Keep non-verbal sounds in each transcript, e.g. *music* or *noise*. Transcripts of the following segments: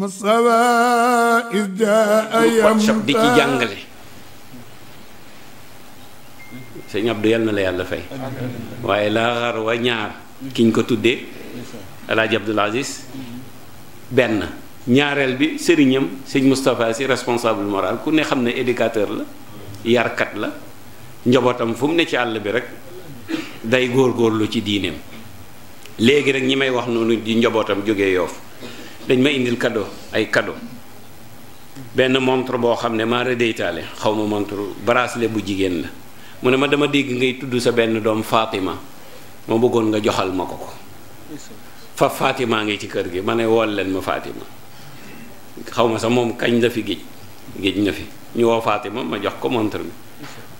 workshop bi ci jàngale sëñ Abdou yal na la yàlla fay waaye laa xar ñaar kiñ ko tuddee alaaji Abdul Aziz benn ñaareel bi sëriñam sëñ Moustapha si responsable moral ku ne xam ne éducateur la yarkat la njabootam fu mu ne ci àll bi rek day góor góorlu ci diineem léegi rek ñi may wax noonu di njabootam jóge yoofu dañ ma indil kado ay kado benn montre boo xam ne maa redeytaale xaw ma montre bracelet bu jigéen la mu ne ma dama dégg ngay tudd sa benn doom Fatima ma bëggoon nga joxal ma ko ko fa Fatima ngi ci kër gi ma ne wol leen ma Fatima xaw ma sax moom kañ la fi géej géej na fi ñu woo Fatima ma jox ko montre bi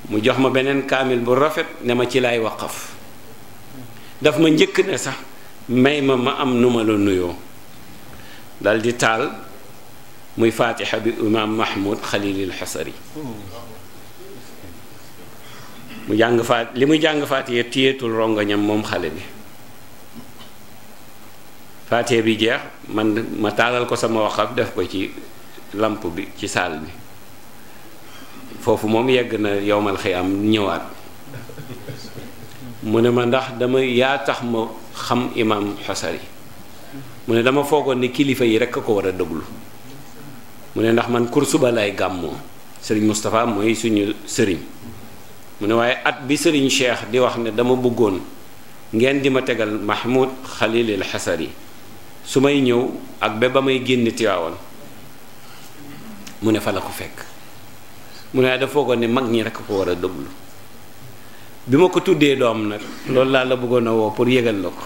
mu jox ma beneen kaamil bu rafet ne ma ci laay waqaf daf ma njëkk ne sax may ma ma am nu ma la nuyoo dal di taal muy faatixa bi imaam mahmud xalilil xasari mu jàng faat li mu jàng faatiya téyeetul rongoñam moom xale bi faatiya bi jeex man ma taalal ko sama waxaf def ko ci làmp bi ci saal bi foofu moom yegg na yowmal xiyaam ñëwaat mu ne ma ndax dama yaa tax ma xam imaam xasari mu ne dama foogoon ni kilifa yi rek a ko war a déglu mu ne ndax man kursu ba lay gàmmoo sëriñ Moustapha mooy suñu sëriñ mu ne waaye at bi sëriñ Cheikh di wax ne dama bëggoon ngeen di ma tegal Mahmoud Khalil El yi su may ñëw ak be ba may génn Tiwaawan mu ne fa la ko fekk mu ne waaye dafa foogoon ne mag ñi rek ko war a déglu bi ma ko tuddee doom nag loolu laa la bëggoon a woo pour yëgal la ko.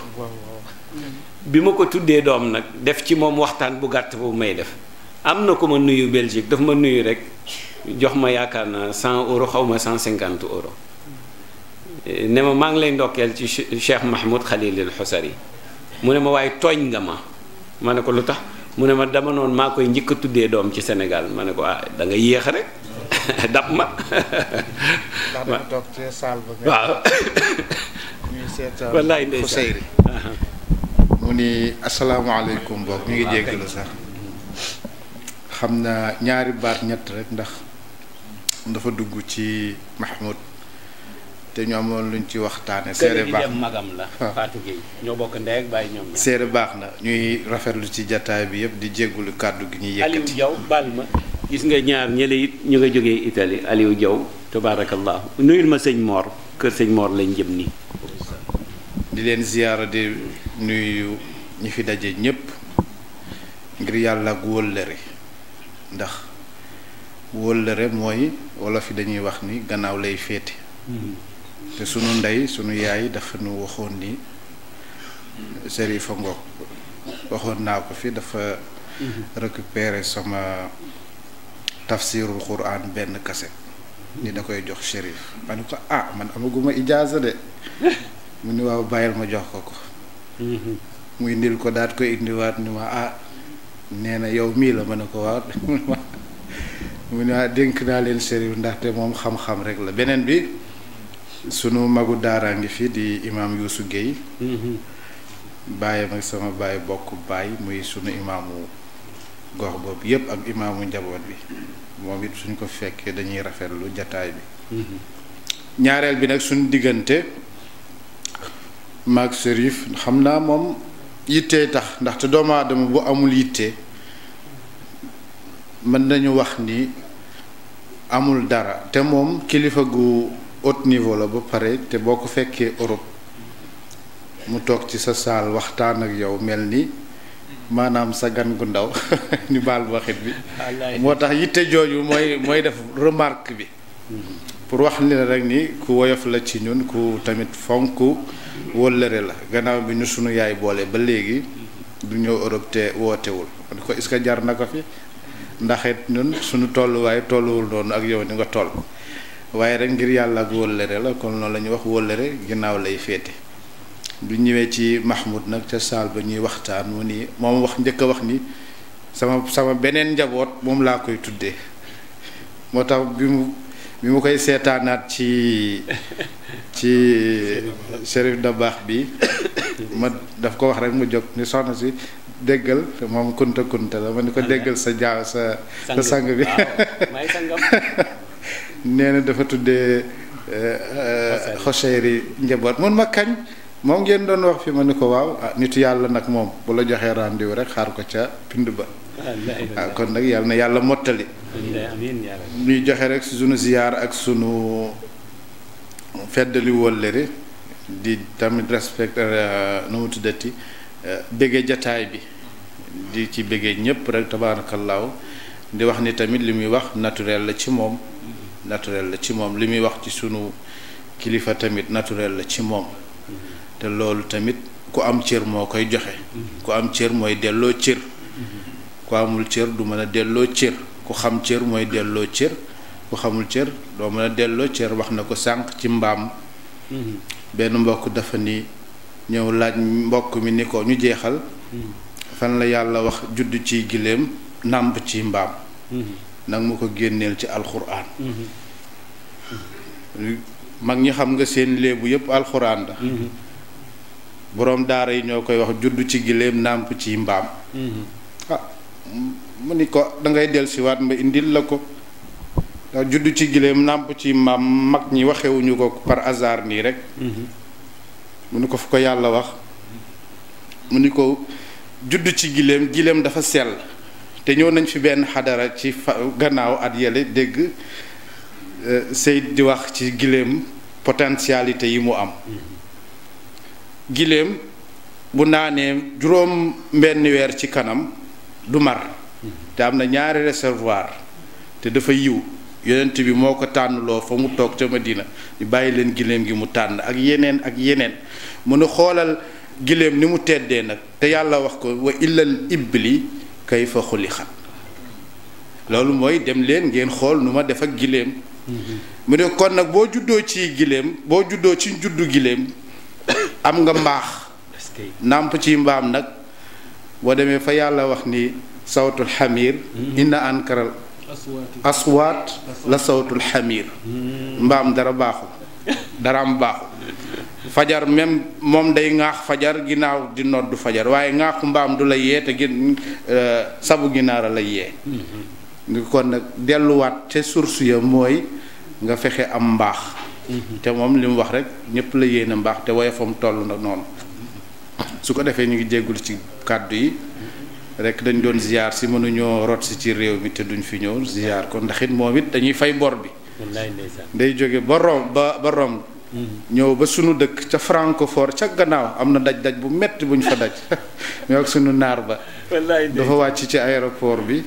bi ma ko tuddee doom nag def ci moom waxtaan bu gàtt bu may def am na ko ma nuyu Belgique dafa ma nuyu rek jox ma yaakaar na cent euro xaw ma cent cinquante euro eh, ne ma maa ngi lay ndokkeel ci Cheikh Mahmoud Khalilil Xusari mu ne ma waaye tooñ nga ma ma ne ko lu tax mu ne ma dama noon maa koy njëkk a tuddee doom ci senegal ma ne ko ah da nga yéex rek *laughs* dab ma. ndax dama toog ci saal ba. waaw. mu ni asalaamaaleykum boog ñu ngi jéggalu sax xam na ñaari baat ñett rek ndax dafa dugg ci Mahmoud te ñoom amoon luñ ci waxtaane seere baax magam la ah. ñoo bokk ndey ak ñoom seere baax na ñuy rafetlu ci jataay bi yëpp di jéggulu kàddu gi ñuy yëkkati Aliou Diaw baal ma gis nga ñaar ñële it ñu nga jógee Italie Aliou Diaw tabaarakallahu nuyul ma sëñ moor kër sëñ Mor lañ jëm nii di leen ziyaara di nuyu ñi fi daje ñépp ngir yàlla wóllëre ndax wóllëre mooy wolof yi dañuy wax ni gannaaw lay féete mm-hmm. te sunu ndey sunu yaay dafa nu waxoon ni Serigne Ngok waxoon naa ko fi dafa mm-hmm. récupérer sama tafsirul quran benn kaset ni da koy jox shérif ma ne ko ah, ijaaza de *laughs* mu ni waaw bàyyil ma jox ko ko mhm. mu ndil ko daat koy indiwaat ni ma ah nee na yow mii la ma ne ko waaw *laughs* mu ne ah dénk naa leen sëriñ ndaxte moom xam-xam rek la beneen bi sunu magu daaraa ngi fi di imaam Youssou Guèye mhm. bàyyi ak sama bàyyi bokk baay muy sunu imaamu gox boobu yépp ak imaamu njaboot bi moom it suñ ko fekkee dañuy rafetlu jataay bi mhm. ñaareel bi nag suñu diggante maag Serif xam naa moom yittee tax ndaxte doomu aadama bu amul yitte mën nañu wax ni amul dara te moom kilifa gu haut niveau la ba pare te boo ko fekkee Europe mu toog ci sa saal waxtaan ak yow mel ni maanaam sa gan gu ndaw *laughs* ni baal waxit bi moo tax yitte jooju mooy mooy def remarque bi mm-hmm. pour wax ni la rek ni ku woyof la ci ñun ku tamit fonk wóllëre la gannaaw bi ñu sunu yaay boole ba léegi du ñëw Europe wootewul kon ko est que jar na ko fi ndax it ñun suñu tolluwaay tolluwul noonu ak yow ni nga toll waaye rek ngir yàlla ak wóllëre la kon noonu la ñuy wax wóllëre ginnaaw lay féete bu ñëwee ci Mahmoud nag ca saal ba ñuy waxtaan mu ni moom wax njëkk a wax ni sama sama beneen njaboot moom laa koy tuddee moo tax bi mu bi mu koy seetaanaat ci ci Chérif baax bi ma daf ko wax rek mu jóg ni soxna si déggal te moom kunta kunta la ma ni ko déggal sa jaaw sa sang bi *laughs* nee na dafa tuddee eh, eh, xoseyri njaboot mun ma kañ moom ngeen doon wax fi ma ni ko waaw ah yàlla nag moom bu la joxee rendez rek xaar ko ca pind ba ah kon nag yàlla na yàlla mottali ñuy joxe rek sunu ziyaar ak sunu feddaliwoon wóllëre di tamit respect euh, nu mu tuddati euh, bëgge jataay bi di ci bëggee ñépp rek tabaarakallaahu di wax ni tamit li muy wax naturel la ci moom naturel la ci moom li muy wax ci sunu kilifa tamit naturel la ci moom te loolu tamit ku am cër moo koy joxe ku am cër mooy delloo cër ku amul cër du mën a delloo cër ku xam cër mooy delloo cër ku xamul cër doo mën a delloo cër wax na ko sànq ci mbaam benn mbokk dafa ni ñëw laaj mbokk mi ni ko ñu jeexal fan la yàlla wax judd ci giléem nàmp ci mbaam nag mu ko génneel ci alxuraan mag ñi xam nga seen léebu yépp alxuraan la boroom daara yi ñoo koy wax juddu ci gileem nàmp ci mbaam mm-hmm. ah mu ni ko dangay dellusiwaat mba indil la ko ndax ah, juddu ci gileem nàmp ci mbaam mag ñi waxewuñu ko par hasard nii rek mm-hmm. mu ni ko fu ko yàlla wax mu ni ko juddu ci gileem gileem dafa sell te ñëw nañ fi benn xadara ci fa gannaaw at yële dégg eh, Seyd di wax ci gileem potentialité yi mu am mm-hmm. giléem bu naanee juróom mbenn weer ci kanam du mar te am na ñaari reservoir te dafa yiw yonent bi moo ko tànnloo fa mu toog ca Madina ñu bàyyi leen giléem gi mu tànn ak yeneen ak yeneen mu ne xoolal giléem ni mu teddee nag te yàlla wax ko wa illal ibli kay fa xulixat loolu mooy dem leen ngeen xool nu ma def ak giléem mm-hmm. mu ne kon nag boo juddoo ci giléem boo juddoo ci juddu giléem *coughs* am nga mbaax nàmp ci mbaam nag boo demee fa yàlla wax ni sawtul xamir mm-hmm. ina ankaral aswaat la sawtul xamir mm-hmm. mbaam dara baaxu dara am baaxul fajar moom day ŋaax fajar ginnaaw di noddu fajar waaye ŋaaxu mbaam du la yee te gin euh, sabu ginaara la yee mm-hmm. kon nag delluwaat ca source ya mooy nga fexe am mbaax te moom li wax rek ñëpp la yéene mbaax te woyofam toll na noonu su ko defee ñu ngi jéggul ci kàddu yi rek dañ doon ziar si mënuñoo rot si ci réew mi te duñ fi ñëw ziar ko ndax it moom it dañuy fay bor bi. day jóge ba Rome ba ba Rome. Mm-hmm. ñëw ba sunu dëkk ca Francfort ca gannaaw am na daj-daj bu metti buñ fa daj mais *laughs* ak sunu naar ba. dafa wàcc ci aéroport bi.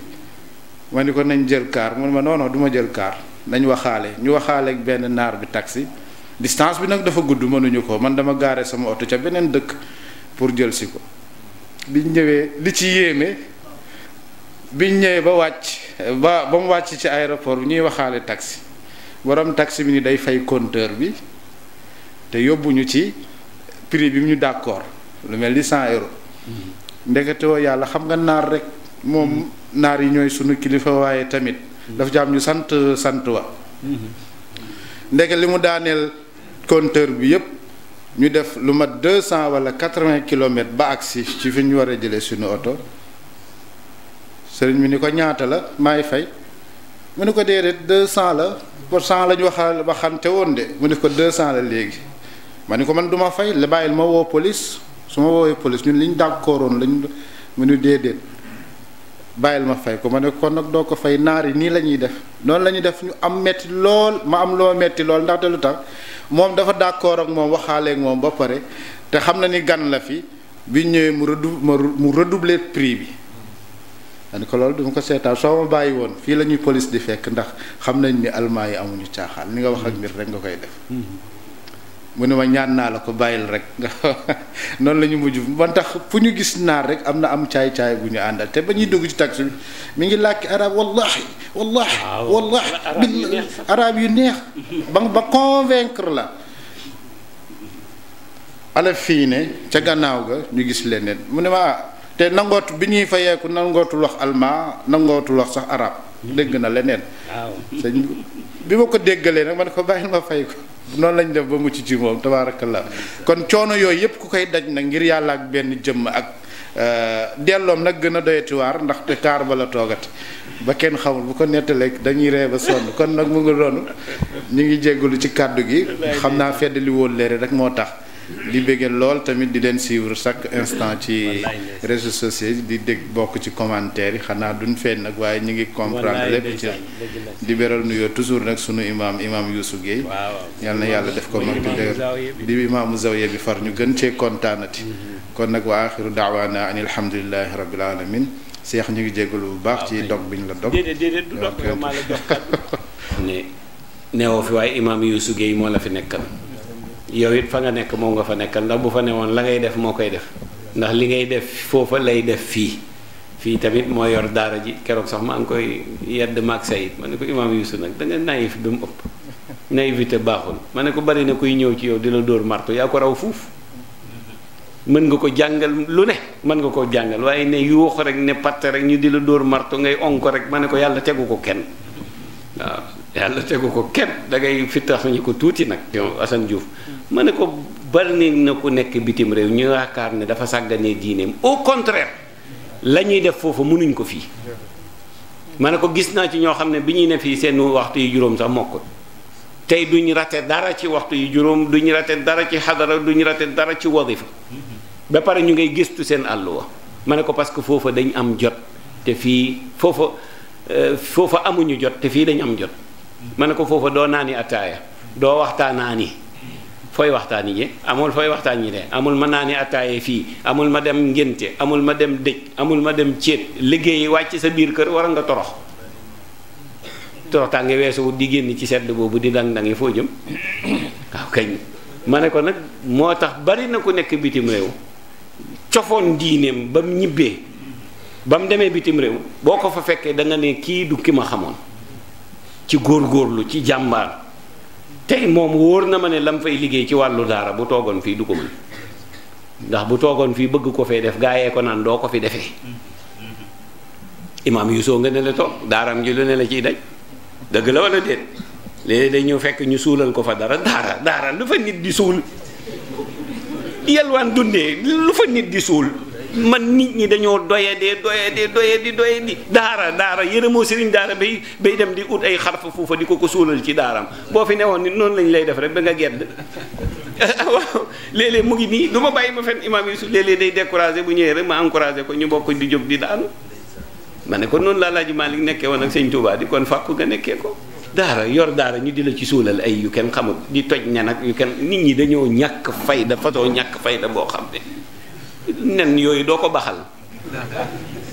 ma ni ko nañ jël kaar man ma noonoo duma jël kaar. nañ waxaale ñu waxaale ak benn naar bi taksi distance bi nag dafa gudd mënuñu ko man dama gaare sama oto ca beneen dëkk pour jël si ko biñ ñëwee li ci yéeme biñ ñëwee ba wàcc ba ba mu wàcc ci aéroport bi ñuy waxaale taxi borom taxi bi ni day fay compteur bi te yóbbuñu ci prix bi mu ñu d'accord lu mel ni cent euros mm-hmm. ndeketewoo yàlla xam nga naar rek moom mm-hmm. naar yi ñooy sunu kilifa waaye tamit dafa ci am sant sant wa ndeke li mu daaneel compteur bi yépp ñu def lu mat deux cent wala quatre-vingts kilomètres ba agsi ci fi ñu war a jëlee suñu oto sëriñ bi ni ko ñaata la maay fay mu ni ko déedéet deux cent la pour cent la ñu waxa waxante woon de mu ne ko deux cent la léegi ma ni ko man duma fay la bàyyil ma woo police su ma woowee police ñun li ñu dàkkooroon lañ mu ne déedéet bàyyil ma fay ko ma ne kon nag doo ko fay naar yi nii la ñuy def noonu la ñuy def ñu am metti lool ma am loo metti lool ndaxte lu tax moom dafa d'accord ak moom waxaaleek moom ba pare te xam na ni gan la fi bi ñëwee mu redu mu redoubler prix bi dañ ko loolu duma ko seetaan soo ma bàyyi woon fii la ñuy police di fekk ndax xam nañ ni almaa yi amuñu caaxaal li nga wax ak mbir rek nga koy def mm-hmm. mu ne ma ñaan naa la ko bàyyil rek *laughs* noonu lañu ñu mujj ban tax fu ñu gis naar rek am na am caay-caay bu ñu àndal te ba ñuy dugg ci taxi bi mi ngi làkki arab wallahi wallahi wallahi bi yu neex ba ba convaincre la ala fii ne ca gannaaw ga ñu gis leneen mu ne ma ah, te nangoot bi ñuy fayeeku nangootul wax almaa nangootul wax sax arab dégg na leneen sëñ bi ma ko déggalee nag man ko bàyyil ma fay ko noonu lañ def ba mucc ci moom la kon coono yooyu yëpp ku koy daj nag ngir yàlla ak benn jëmm ak euh, delloom nag gën a doyati waar ndaxte kaar ba la toogati ba kenn xamul bu ko nettalee dañuy ree ba sonn kon nag mu ngi doonu ñu ngi jéggalu ci kàddu gi xam naa feddali wóol leere rek moo tax di bëggee lool tamit di leen suivre chaque instant ci réseaux sociaux di dégg bokk ci commentaire yi xanaa duñ feeñ nag waaye ñu ngi comprendre lépp di beral nuyoo toujours nag sunu imaam imaam Youssou Guèye yal na yàlla def ko mag di di imaamu zawiya bi far ñu gën cee kontaanati mm-hmm. kon nag waa axiru daawaana an alhamdulillahi rabbil alamin seex ñu ngi jégalu bu baax ci ah, dog biñ la dog *laughs* ne neewoo fi waaye imaam Youssou Guèye moo la fi nekkal yow it fa nga nekk moom nga fa nekkal ndax bu fa woon la ngay def moo koy def ndax li ngay def foofa lay def fii fii tamit moo yor daara ji keroog sax maa ngi koy yedd maag Sayid ma ne ko imaam Yuusu nag da nga naïf bi mu ëpp naïvité baaxul ma ne ko bari na koy ñëw ci yow di la dóor marto yaa ko raw fuuf mën nga ko jàngal lu ne mën nga koo jàngal waaye ne yuux rek ne patt rek ñu di la dóor marto ngay on rek ma ne ko yàlla tegu ko kenn waaw yàlla tegu ko kenn da ngay fi ko tuuti nag yow Assane Diouf ma ne ko bari na ku nekk bitim réew ñu yaakaar ne dafa sàgganee diineem au contraire la ñuy def foofa mënuñ ko fii ma ne ko gis naa ci ñoo xam ne bi ñuy ne fii seen waxtu yi juróom sax mokk tey duñ rate dara ci waxtu yi juróom duñ rate dara ci xadara duñ rate dara ci wadifa ba pare ñu ngay gëstu seen àll wa ma ne ko parce que foofa dañ am jot te fii foofa euh, foofa amuñu jot te fii dañ am jot ma ne ko foofa doo naani attaaya doo waxtaanaani fooy waxtaan yi amul fooy waxtaan yi de amul ma naani attaaye fii amul ma dem ngénte amul ma dem dëj amul ma dem céet liggéeyi wàcc sa biir kër war nga torox toroxtaange weesuwut di génn ci sedd boobu di dang dangi foo jëm waaw kañ ma ne ko nag moo tax bari na ku nekk bitim réew cofoon diineem ba mu ñibbee ba mu demee bitim réew boo ko fa fekkee da nga ne kii du ki ma xamoon ci góor góorgóorlu ci jàmbar tey moom wóor na ma ne lam fay liggéey ci wàllu daara bu toogoon fii du ko mën ndax bu toogoon fii bëgg ko fee def gaayee ko naan doo ko fi defee imaam Yuusoo nga ne la toog daaram ji lu ne la ciy daj dëgg la wala déet léegi day ñëw fekk ñu suulal ko fa dara daara daara lu fa nit di suul yalwaan dundee lu fa nit di suul man nit ñi dañoo doyadee doyadee doyadi doyadi daara daara yërëmoo sëriñ daara bay bay dem di ut ay xarfa fuufa di ko ko suulal ci daaraam boo fi newoon ni noonu lañ lay def rek ba nga gedd *laughs* waaw léeg-léeg mu ngi nii ma bàyyi ba fenn imaam day découragé bu ñëwee rek ma ko ñu bokk di jóg di daanu ma ne ko noonu laa Laaji Maalik nekkee woon ak sëñ Tuubaa di kon fàkku nga ko daara yor daara ñu di la ci suulal ay yu xamul di toj ña nag yu kenn nit ñi dañoo ñàkk fayda façon ñàkk fayda boo xam ne nen yooyu doo ko baxal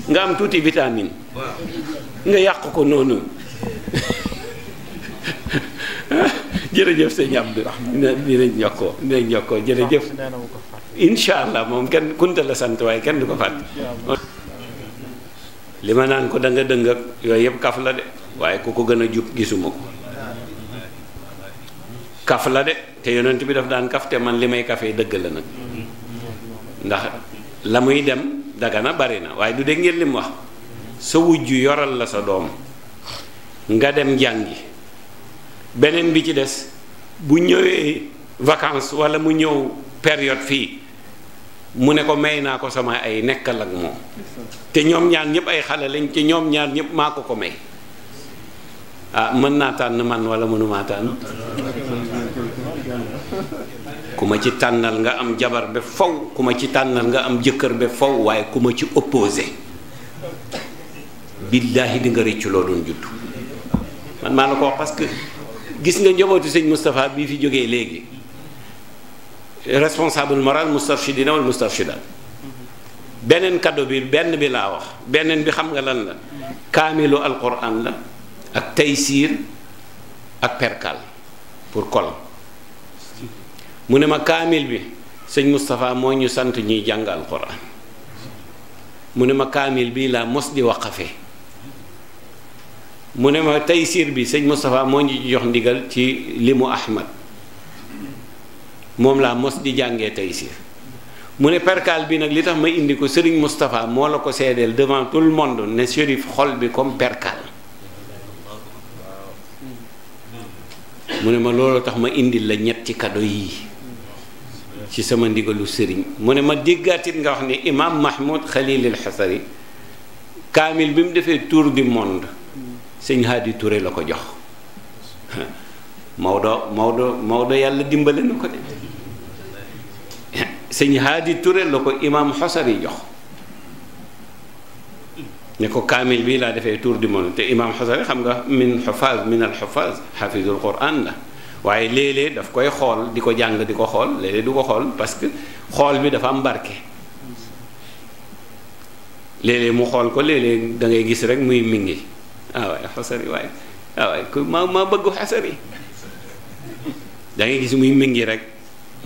nga am tuuti vitamine nga yàq ko noonu jërëjëf sëñ Abdou dinañ jokkoo dinañ jokkoo jëf incha allah moom kenn kunta la sant waaye kenn du ko fàtte li ma naan ko da nga yooyu yëpp kaf la de waaye ku ko gën a jub gisuma ko kaf la de te yonent bi daf daan kaf te man li may kafee dëgg la nag ndax la muy dem dagana bari na waaye du dégg ngeen lim wax sa wujj yoral la sa doom nga dem jàngi beneen bi ci des bu ñëwee vacances wala mu ñëw période fii mu ne ko may naa ko sama ay nekkal ak moom te ñoom ñaar ñëpp ay xale lañ te ñoom ñaar ñépp maa ko ko may ah mën naa tànn man wala mënumaa tànn ku ma ci tànnal nga am jabar ba faw ku ma ci tànnal nga am jëkkër ba faw waaye ku ma ci opposé billaahi di nga rëccu loo doon juddu man maa la ko wax parce que gis nga njabootu sëñ Moustapha bi fi jógee léegi responsable moral moustafchidina wal moustafchidat beneen cadeau bi benn bi laa wax beneen bi xam nga lan la kaamilu alquran la ak taysiir ak perkal pour kol mu ne ma kaamil bi sëñ Moustapha moo ñu sant ñuy jàngal alxuraan mu ne ma kaamil bii laa mos di waqafe mu ne ma taysiir bi sëñ Moustapha moo ñu jox ndigal ci limu Ahmad moom laa mos di jàngee taysiir mu ne perkaal bi nag li tax ma indi ko sëriñ Moustapha moo la ko seedeel devant tout le monde ne Chérif xol bi comme perkaal mu ne ma loolu tax ma indil la ñetti kado yii ci sama ndigalu sëriñ mu ne ma déggaatit nga wax ne imaam mahmoud xalilil xasari kaamil bi mu defee tour du monde sëñ Hadi Touré la ko jox Maodo Maodo Maodo yàlla dimbale na ko de sëñ Hadi Touré la ko imaam xasari jox ne ko kaamil bii laa defee tour du monde te imaam xasari xam nga min xufaaz min al xafizul quran la waaye léeg-léeg daf koy xool di ko jàng di ko xool léeg-léeg du ko xool parce que xool bi dafa am barke léeg-léeg mu xool ko léeg-léeg da gis rek muy mingi ah waaye ah bëgg xasari da ngay gis muy mingi rek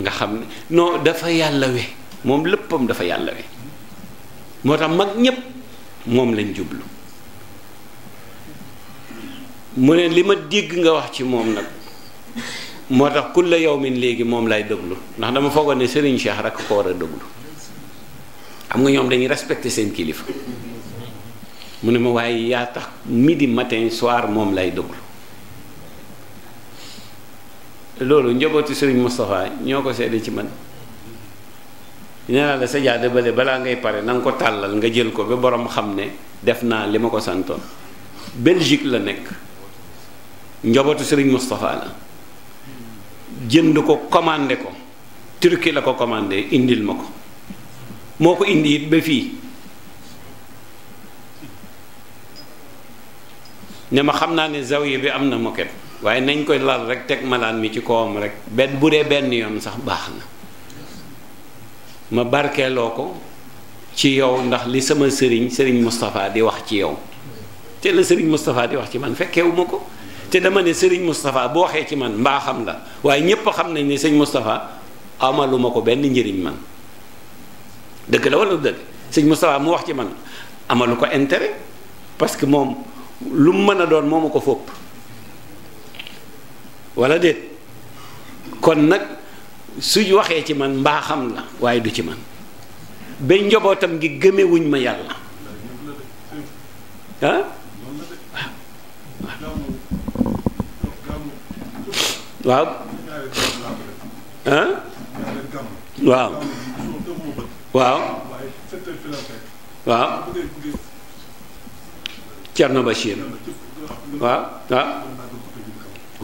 nga xam ne non dafa yàlla we moom léppam dafa yàlla we moo tax mag ñépp moom lañ jublu mu ne li ma dégg nga wax ci moom nag moo tax la yow yawmin léegi moom lay déglu ndax dama foogoon ne Serigne Cheikh rek ko war a déglu xam nga ñoom dañuy respecté seen kilifa mu ne ma waaye yaa tax midi matin soir moom lay déglu loolu njabootu Serigne Moustapha ñoo ko seede ci man nee la sa jaada bale balaa ngay pare nanga ko tàllal nga jël ko ba borom xam ne def naa li ma ko santoon Belgique la nekk njabootu sëriñ Moustapha la. jënd ko commandé ko turki la ko commandé indil ma ko moo ko indi it ba fii ne ma xam naa ne zawiya bi am na moquette waaye nañ koy lal rek teg malaan mi ci kawam rek benn bu dee benn yoon sax baax na ma barkeeloo ko ci yow ndax li sama sëriñ sëriñ Moustapha di wax ci yow te la sëriñ Moustapha di wax ci man fekkewu ma ko te dama ne Serigne Moustapha boo waxee ci man mbaa xam la waaye ñépp xam nañ ne sëñ Moustapha amaluma ko benn njëriñ man dëgg la wala dëgg sëñ Moustapha mu wax ci man amalu ko intérêt parce que moom lu mu mën a doon moomu ko fopp walla déet kon nag suñ waxee ci man mbaa xam la waaye du ci man ba njobootam gi gëmewuñ ma yàlla waaw. ah. waaw. waaw. waaw. Thierno Bachir waaw waaw.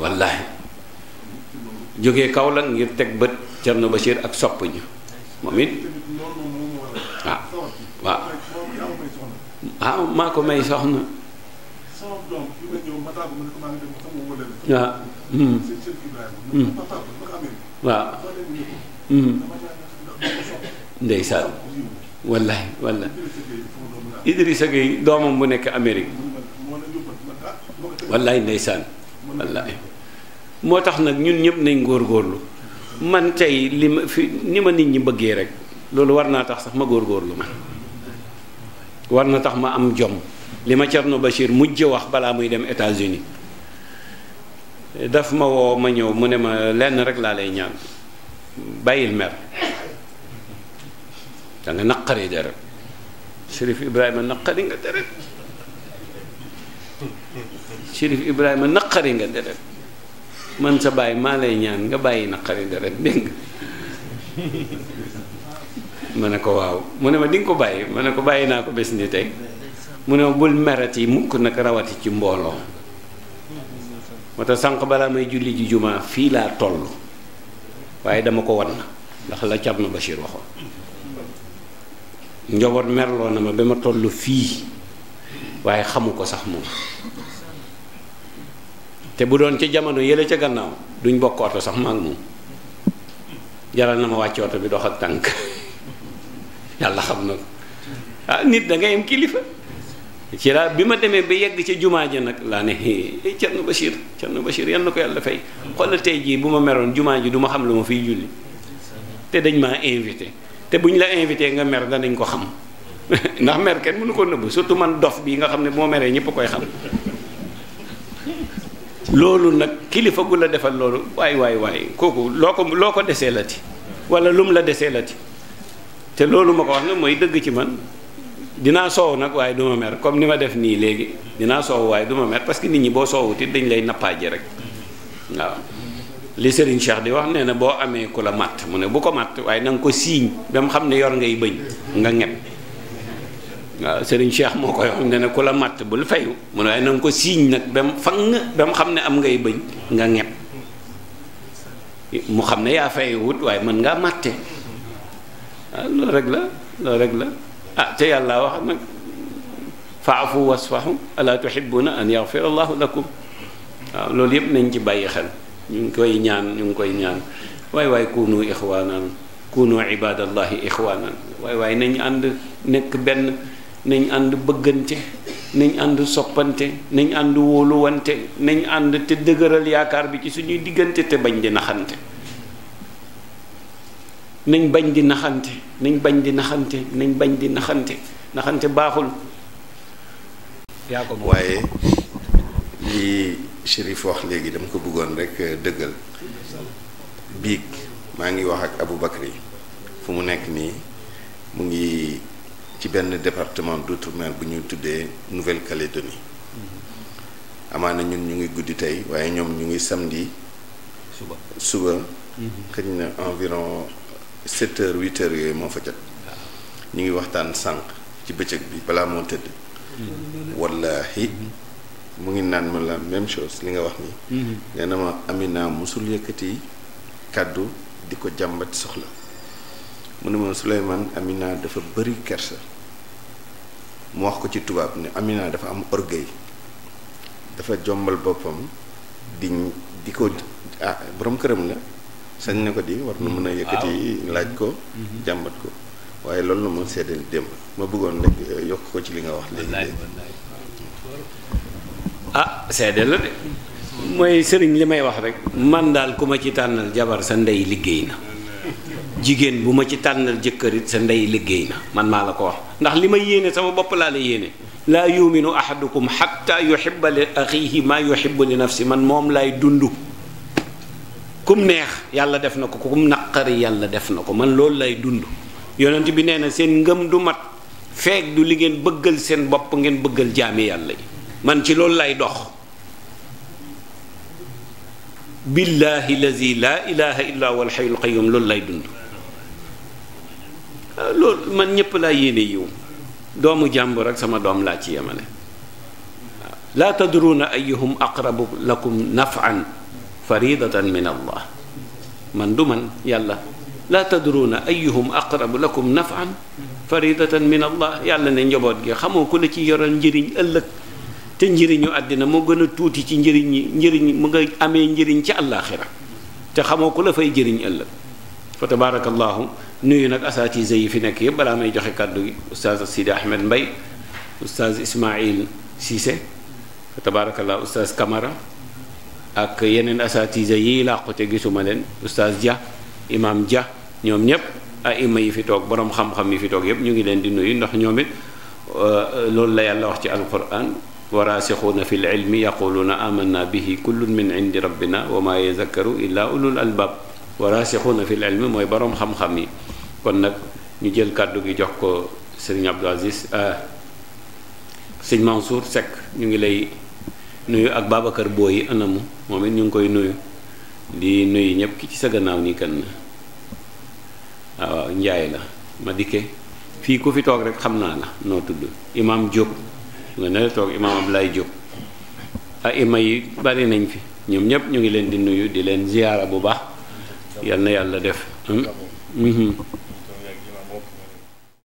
wallaahi. jógee kaw la ngir teg bët Thierno Bachir ak sopp ñu moom it waaw waaw. ah maa ko may soxna. waaw. waaw hmm. ndeysaan wallahi wallahi Idrissa Gueye doomam bu nekk amerig wallahi ndeysaan wallahi moo tax nag ñun ñëpp nañ góorgóorlu man tey li ma fi ni ma nit ñi bëggee rek loolu war naa tax sax ma góorgóorlu ma war na tax ma am jom li ma Thierno Bachir mujj wax balaa muy dem États-Unis daf ma woo ma ñëw mu ne ma lenn rek laa lay ñaan bàyyil mer da nga naqari deret Chérif Ibrahima naqari nga deret naqari nga man sa bàyyi maa lay ñaan nga bàyyi naqari deret dégg ma ne ko waaw mu ne ma di ko bàyyi ma ne ko bàyyi naa ko bés ni tey mu ne ma bul merati mukk nag rawati ci mbooloo moo tax sànq balaa may julli ji jumaa fii laa tollu waaye dama ko wan na ndax la Thierno Bachir waxoon njaboot merloo na ma ba ma toll fii waaye xamu ko sax moom te bu doon ca jamono yële ca gannaaw duñ bokk oto sax ma moom jaral na ma wàcc oto bi dox ak tànk *laughs* yàlla xam na ah, nit da am kilifa. ci laa bi ma demee ba yegg ca jumaa ja nag laa ne Cerno Bachir Cerno Bachir yan na ko yàlla fay xoolal tey jii bu ma meroon jumaa ji du ma xam lu ma fiy julli te dañ ma invité te bu ñu la invité nga mer danañ ko xam *laughs* ndax mer kenn mënu ko nëbb surtout man dof bi nga xam ne bu ma meree ñëpp koy xam loolu nag kilifa gu la defal loolu waay waay waay kooku loo ko loo ko desee lati wala lum la desee lati te loolu ma ko wax ne mooy dëgg ci man dinaa soow nag waaye du mer comme ni ma def nii léegi dinaa soow waaye du ma mer parce que nit ñi boo soowut it dañ lay nappaaje rek waaw li Serigne Cheikh di wax nee na boo amee ku la matt mu ne bu ko matt waaye nanga ko siiñ ba mu xam ne yor ngay bëñ nga ñepp waaw Cheikh moo koy wax nee na ku la matt bul fayu mu ko siiñ nag ba mu fang xam ne am ngay bëñ nga ñepp mu xam ne yaa fayewut waaye mën ngaa matte loolu rek la loolu rek la. ah te yàlla wax nag faafu wasfahu alaa tuhibbuna an yaghfira allahu waaw loolu yëpp nañ ci bàyyi xel ñu ngi koy ñaan ñu ngi koy ñaan waay waaye kunu ixwaanan kunu ibadallahi ixwaanan waay waay nañ ànd nekk benn nañ ànd bëggante nañ ànd soppante nañ ànd wóoluwante nañ ànd te dëgëral yaakaar bi ci suñuy diggante te bañ di naxante nañ bañ di naxante nañ bañ di naxante nañ bañ di naxante baaxul yaa waaye lii Chérif wax léegi dama ko bëggoon rek dëggal biig maa ngi wax ak abu Aboubacry fu mu nekk nii mu ngi ci benn département d'outre-mer bu ñu tuddee Nouvelle-Calédonie amaana ñun ñu ngi guddi tey waaye ñoom ñu ngi samedi suba suba mhm. xëy na environ sept heures yooyu moo fa jot ñu ngi waxtaan sànq ci bëccëg bi balaa moo tëdd mm-hmm. wallahi mm-hmm. mu ngi naan ma la même chose li nga wax ni mm-hmm. nee na ma Amina mosul yëkkati kàddu di ko jàmbat soxla mu ne ma Souleymane Amina dafa bëri kersa mu wax ko ci tubaab ne Amina dafa am orgueil dafa jombal boppam di di ko ah borom këram la sañ ne ko di war na mën a yëkkati laaj ko mhm. jàmbat ko waaye loolu la ma seddal démb ma bëggoon rek euh, yokk ko ci li nga wax léegi ah seede la de mooy sëriñ li may wax rek man daal ku ma ci tànnal jabar sa ndey liggéey na jigéen bu ma ci tànnal jëkkërit sa ndey liggéey na man maa la ko wax ndax li ma yéene sama bopp laa la yéene laa yuminu ahadukum xatta yuhibba li axihi maa yuhibbu li si man moom laay dund kum neex yàlla def na ko kum naqari yàlla def na ko man loolu lay dund yonent bi nee na seen ngëm du mat feeg du li ngeen bëggal seen bopp ngeen bëggal jaami yàlla yi man ci loolu lay dox billahi lazi laa illa huwa alxayyul qayyum loolu lay dund ah, loolu man ñépp laa yéene yiw doomu jàmbur ak sama doom laa ci yemale waaw ah, laa tadruuna ayuhum aqrabu lakum nafan faridatan min allah man du man yàlla laa tadruuna ayuhum aqrabu lakum nafan faridatan min allah yàlla ne njaboot gi xamoo ku la ci yoral njëriñ ëllëg te njëriñu àddina moo gën a tuuti ci njëriñ yi njëriñ mu nga amee njëriñ ci àllaaxira te xamoo ku la fay jëriñ ëllëg fa tabaarakallaahu nuyu nag asaatise yi fi nekk yëpp balaa may joxe kàddu gi oustaz Sidi Ahmed Mbay oustaz Ismail Cissé fa tabaarakallaahu oustaz Camara ak yeneen asatise yi làqu te gisuma leen oustaz Dia imam Dia ñoom ñëpp ay ima yi fi toog borom xam-xam yi fi toog yëpp ñu ngi leen di nuyu ndax ñoom it euh, loolu la yàlla wax ci alquran warasixuuna fi l mi yaquluuna amanna bihi kullun min indi rabbina wa maa yazakkaru illa ulul albab warasixuuna fi l ilmi mooy borom xam-xam yi kon nag ñu jël kàddu gi jox ko sëriñ Abdou Aziz euh, sëñ Mansour Seck ñu ngi lay nuyu ak Babacar Boye anamu moom it ñu ngi koy nuyu di nuyu ñëpp ki ci sa gannaaw nii kan na waaw Njaay la ma dikke fii ku fi toog rek xam naa la noo tudd imam Diop nga ne la toog imaam Abdoulaye Diop ah ima yi bari nañ fi ñoom ñëpp ñu ngi leen di nuyu di leen ziyaara bu baax yal na yàlla def. Hmm?